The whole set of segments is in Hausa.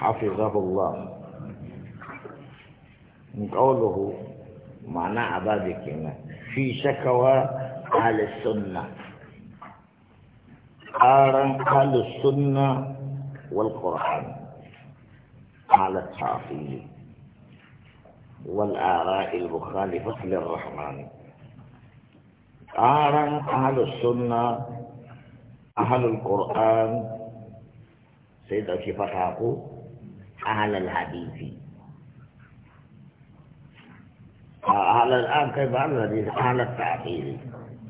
حفظه الله قوله معنى عبادك في شكوى أهل السنة قارن أهل السنة والقرآن على التعطيل والآراء المخالفة للرحمن قارن أهل السنة أهل القرآن سيدة كيف أهل الحديث أهل الآن كيف أهل الحديث أهل التعقيد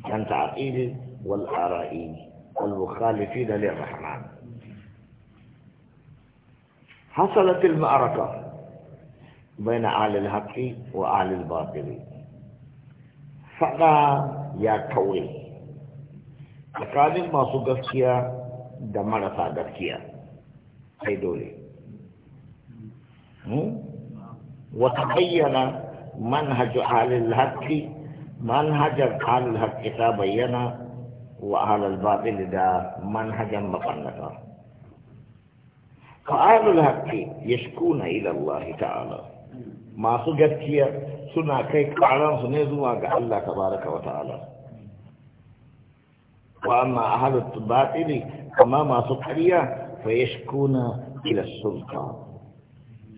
كان تعقيد والآرائي والمخالفين للرحمن حصلت المعركة بين أهل الحق وأهل الباطل فقا يا كوي أكاد ما سقفت da marasa gaskiya دولي Hmm? وتبين منهج أهل الحق منهج أهل الحق تبين وأهل الباطل دا منهجا مقنطا فأهل الحق يشكون إلى الله تعالى ما سجدتيا سنا كي قعران سنزوا الله تبارك وتعالى وأما أهل الباطل أما ما سكريا فيشكون إلى السلطان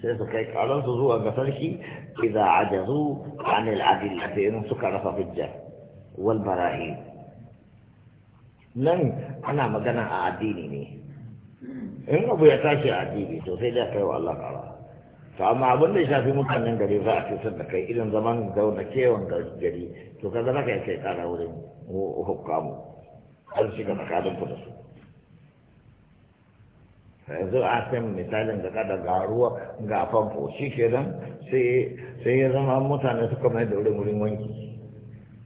سيسكيك على تزوى بفرشي إذا عجزوا عن العدل في فإن سكر ففجة والبراهين لن أنا مجانا أعديني إن أبو يتاشي أعديني سيدا كيو الله تعالى فأما أبن ليس في مكان جري فأتي سنك إذن زمان دون كيوان جري تو كذا لك يا شيطان أولين وحكامه هل سيكون أكادم فرسو yanzu a kan misalin da kada ga ruwa ga famfo shi ke nan sai ya zama mutane suka mai da wurin wurin wanki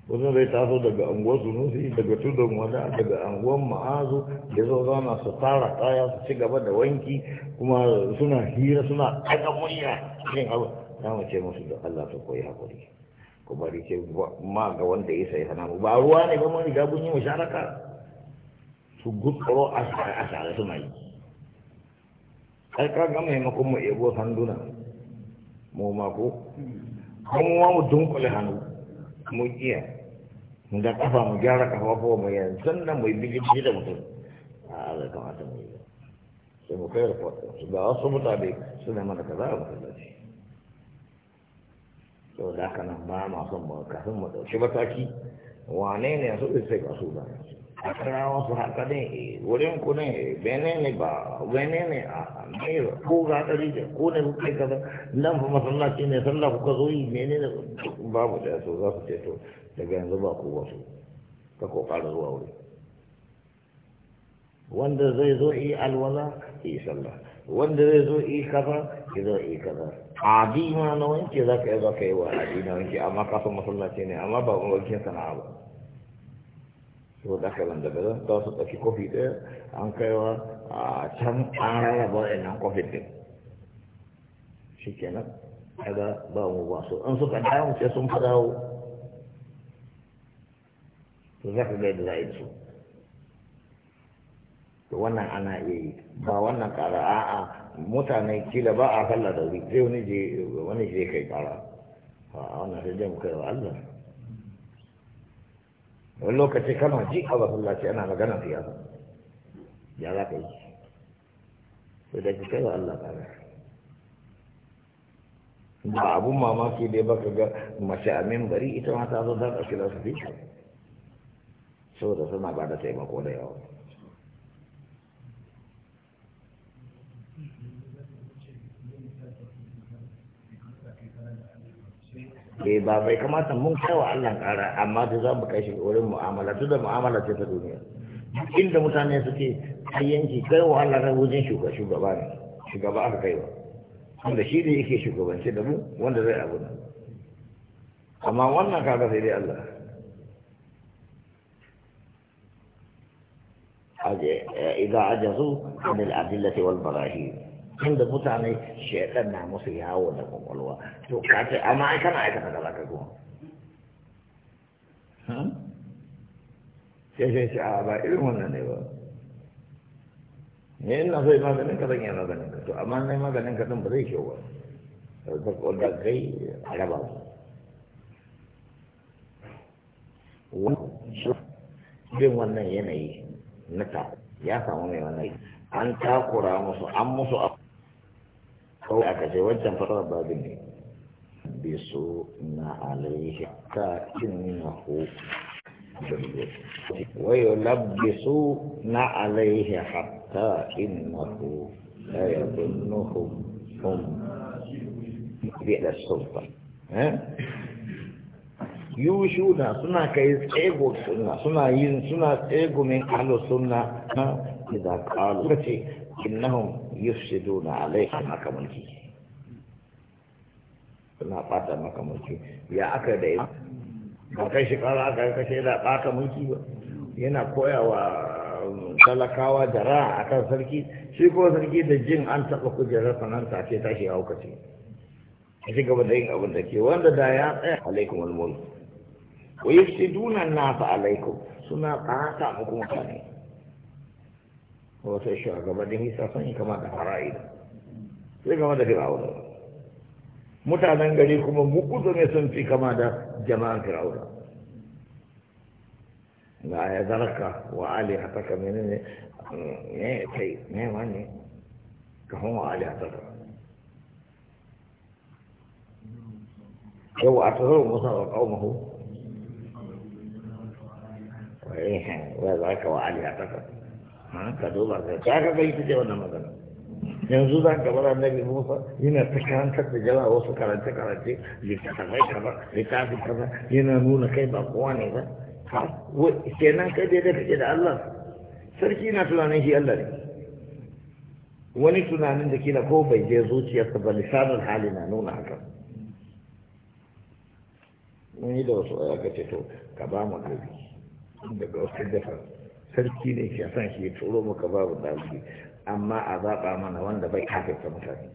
wajen zai taso daga anguwar sunusi daga tudun wada daga anguwar ma'azu da zo zauna su tara kaya su ci gaba da wanki kuma suna hira suna aka murya cikin abu za mu ce musu da allah su koyi hakuri kuma rike ma ga wanda ya sai hana mu ba ruwa ne ba mun riga mun yi musharaka su gutsuro a sare suna yi ai kaga maimakon mu ebo sanduna mu ko kuma wa mu dunkule hannu mu iya mu da kafa mu gyara kafa ko mu yi sannan mu yi bigi da mutum a zai kamata mu yi sai mu kai report su ba ga wasu mutane suna mana kaza a masallaci to da haka nan ba ma son mu kafin mu dauki mataki wane ne su sai ga su ba a kira wasu haka ne wurin ku ne bene ne ba bene ne a mai ko ga ɗari da ko ne kuke kaza nan fa masallaci ne sallah ka zo yi mene ne babu da so za su ce to daga yanzu ba ku wasu ka ko ƙara zuwa wuri wanda zai zo yi alwala yi sallah wanda zai zo yi kaza ki zo yi kaza adi ma na wanke za ka yi za ka yi wa adi na wanke amma kafin masallaci ne amma ba wanke sana'a ba ko da ka wanda ba ta su tsaki kofi ɗaya an kaiwa a can an rarraba ina kofi ɗin shi kenan kaga ba mu ba su an suka dawo sai sun fi dawo to za ka ga yadda za a yi su to wannan ana iya yi ba wannan kara a'a mutane kila ba a kalla da wuri je wani je kai kara a wannan sai dai mu kai wa Allah wani lokaci kana ji a masallaci ana magana siyasa ya za ka yi sai da ka kai wa Allah kare ba abun mamaki dai baka ga mace a bari ita ma ta zo ta da su fi saboda suna ba da taimako da yawa eh ba bai kamata mun kai wa Allah kara amma da za mu kai shi wurin mu'amala duk da mu'amala ce ta duniya inda mutane suke ayyanki kai wa Allah ran wajen shugaba ne shugaba aka kai wa wanda shi ne yake shugabanci da mu wanda zai abu nan amma wannan kaga sai dai Allah إذا عجزوا عن الأدلة والبراهين tunda mutane shaidan na musu yawo da kwakwalwa to kuma hmm? a ba irin wannan ne ba ne sai maganin ka maganin ka to amma maganin ka din ba zai kai a raba bin wannan yanayi na ta ya samu mai wannan an takura musu an musu a kawai aka ce wajen fara babin ne bi su na alaihi ta inna hu wayo labbi su na alaihi hatta inna hu la yadunnuhu hum bi da sulta eh? yushu na suna suna suna yin suna tsego min ahlus sunna na idan ka innahum yufsiduna alaiha maka mulki suna fata maka mulki ya aka da ya ba kai shi kara aka kashe da baka mulki ba yana koyawa talakawa da ra a kan sarki shi ko sarki da jin an taɓa kujerar ta ce tashi a hukaci a ci gaba da yin abin da ke wanda da ya tsaya alaikum almulki wa yufsiduna nasa alaikum suna ƙata muku mutane wasu shugabannin hisa sun yi kama da fara'ida sai kama da fir'auna mutanen gari kuma mukudu ne sun fi kama da jama'an fir'auna la ya zaraka wa ali hataka menene ne kai ne wani ka hon ali hataka yau a tsaro musa wa kaumahu wa yi eh, wa zaraka wa ali hataka ka duba ka ta ka bai take wannan magana yanzu za ka bar annabi Musa yana ta karantar da jama'a wasu karance karance littafai kaza littafi kaza yana nuna kai ba kowa ne ba kenan kai dai kake da Allah sarki na tunanin shi Allah ne wani tunanin da kila ko bai je zuciyarsa ba lisanin hali na nuna haka mun yi da wasu aka ce to ka ba mu gobe daga wasu dafa sarki ne ke san shi turo muka babu dalili amma a zaɓa mana wanda bai kafirta mutane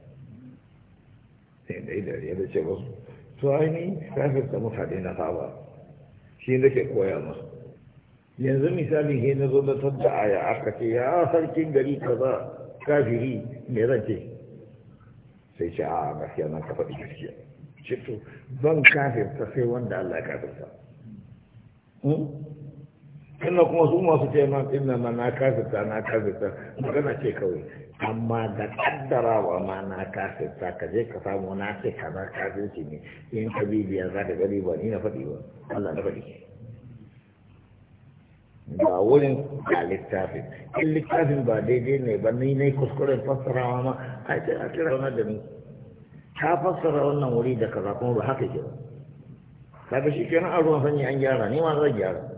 sai da yadda ce ba wasu to ainihin kafirta mutane na saba shi ne ke koya ma yanzu misali ke na zo da tadda aya aka ce ya sarkin gari kaza kafiri me zan ce sai ce a gaskiya na ka faɗi gaskiya ce to ban kafirta sai wanda Allah ya kafirta hmm? kana kuma su masu ce ma n'a ma na kasita na kasita magana ce kawai amma da wa ma na kasita ka je ka samu na ce ka za ka zuci ne in ka biya za ka gari ba ni na faɗi ba Allah na faɗi ba wurin a littafin in littafin ba daidai ne ba ni ne kuskuren fassarawa ma a ce a kira wani da ni ta fassara wannan wuri da kaza kuma ba haka ke ba. Kaga shi kenan a ruwan sanyi an gyara ni ma zai gyara.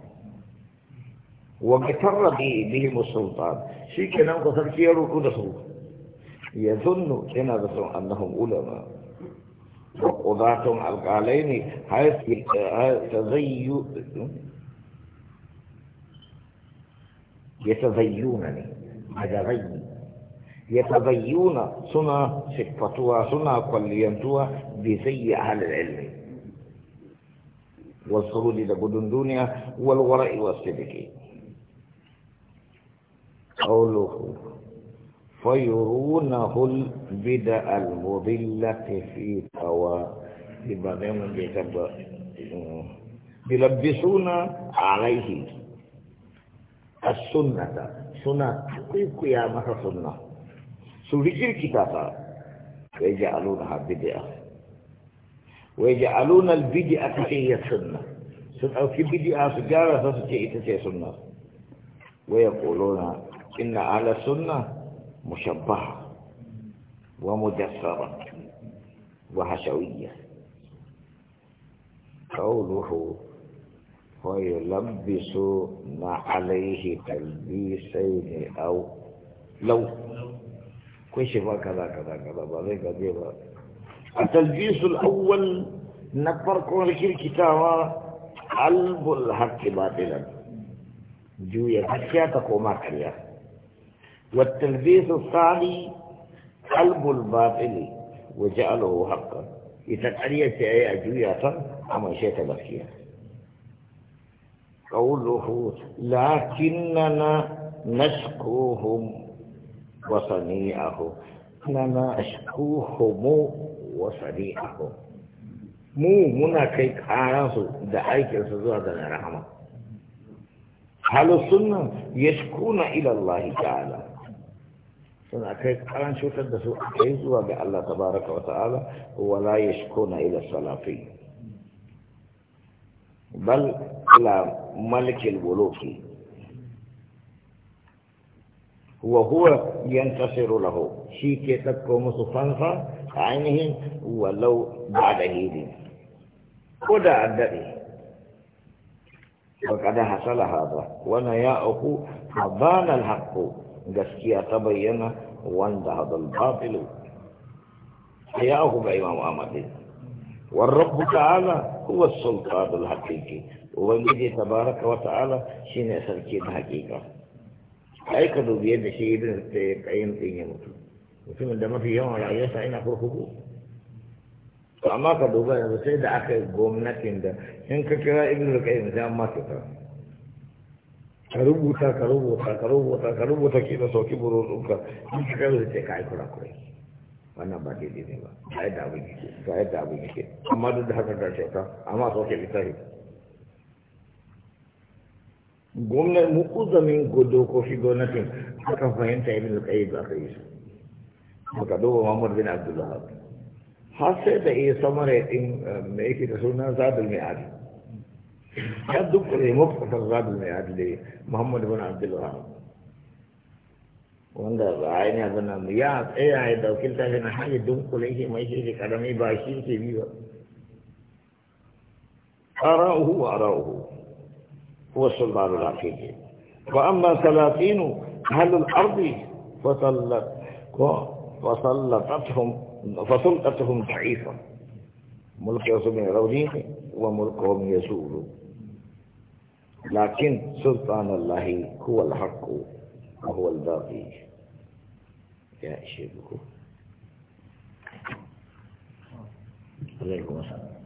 وقتر بهم السلطان شيء كنا قصر كي يروكو دسو يظن كنا دسو أنهم علماء وقضاتهم على القالين حيث تزيو يتزيونني مجرين يتزيون سنة صفتها سنة كلينتها بزي أهل العلم والسهول لبدون دنيا والورع والصدق قوله فيرونه البدع المضلة في تواتب يلبسون عليه السنة سنة كيف يا مها سنة سوريك الكتابة ويجعلونها بدعة ويجعلون البدعة هي السنة سنة في بدعة سجارة فسجئت سنة ويقولون إن على السنة مشبهة ومجسرة وحشوية قوله ويلبسون عليه تلبيسين أو لو كشف كذا كذا كذا بذيك كذا التلبيس الأول كون لكل كتابة قلب الحق باطلا جوية حكياتك وما كرياتك والتلبيس الصالح قلب الباطل وجعله حقا إذا قريت أي أجوية أما شيء تبكيها قوله لكننا نشكوهم وصنيعهم لنا أشكوهم وصنيعهم مو منا كي karansu da السزوة دعنا رحمة هل السنة يشكون إلى الله تعالى suna kai karan cutar da su aka yi zuwa ga Allah tabaraka wa ta'ala wala yashkuna ila salafi bal ila malikil buluki wa huwa yantasiru lahu shi ke takko musu fansa ainihin walau ba da hidin ko da addade وقد حصل هذا وانا يا اخو فبان الحق gaskiya ta bayyana wanda hadal batilu ya hu ga imam ahmad wa rabbu ta'ala huwa sultan al haqiqi ubangiji tabaraka wa ta'ala shine sarki da haqiqa ai ka dubi yadda shi idan sai kayan din ya mutu mutumin da mafi yawan rayuwarsa ina kurkuku to amma ka duba yanzu sai da aka yi gwamnatin da in ka kira ibn al-qayyim sai an ma ka rubuta ka rubuta ka rubuta ka rubuta ke da sauki burutsunka in ka kai sai ka yi kurakurai wannan ba daidai ne ba ga yadda abin yake ga yadda abin yake amma duk da haka ga kyauta amma sauke littafi gwamnati mu uzamin dokoki gwamnatin akan fahimta ibn al-qayyim aka yi su muka duba Muhammad bin Abdullah har sai da iya samare din me yake da sunan Zadul Mi'ad إيه إيه؟ محمد بن عبد الله وندا عين هذا نام يا أي أي دو كنت أنا في هو سلطان العفيف وأما ثلاثين أهل الأرض فصلت فصلتهم فصلتهم ضعيفا ملك وملكهم يسوع لكن سلطان الله هو الحق وهو الباقي يا شيخ عليكم السلام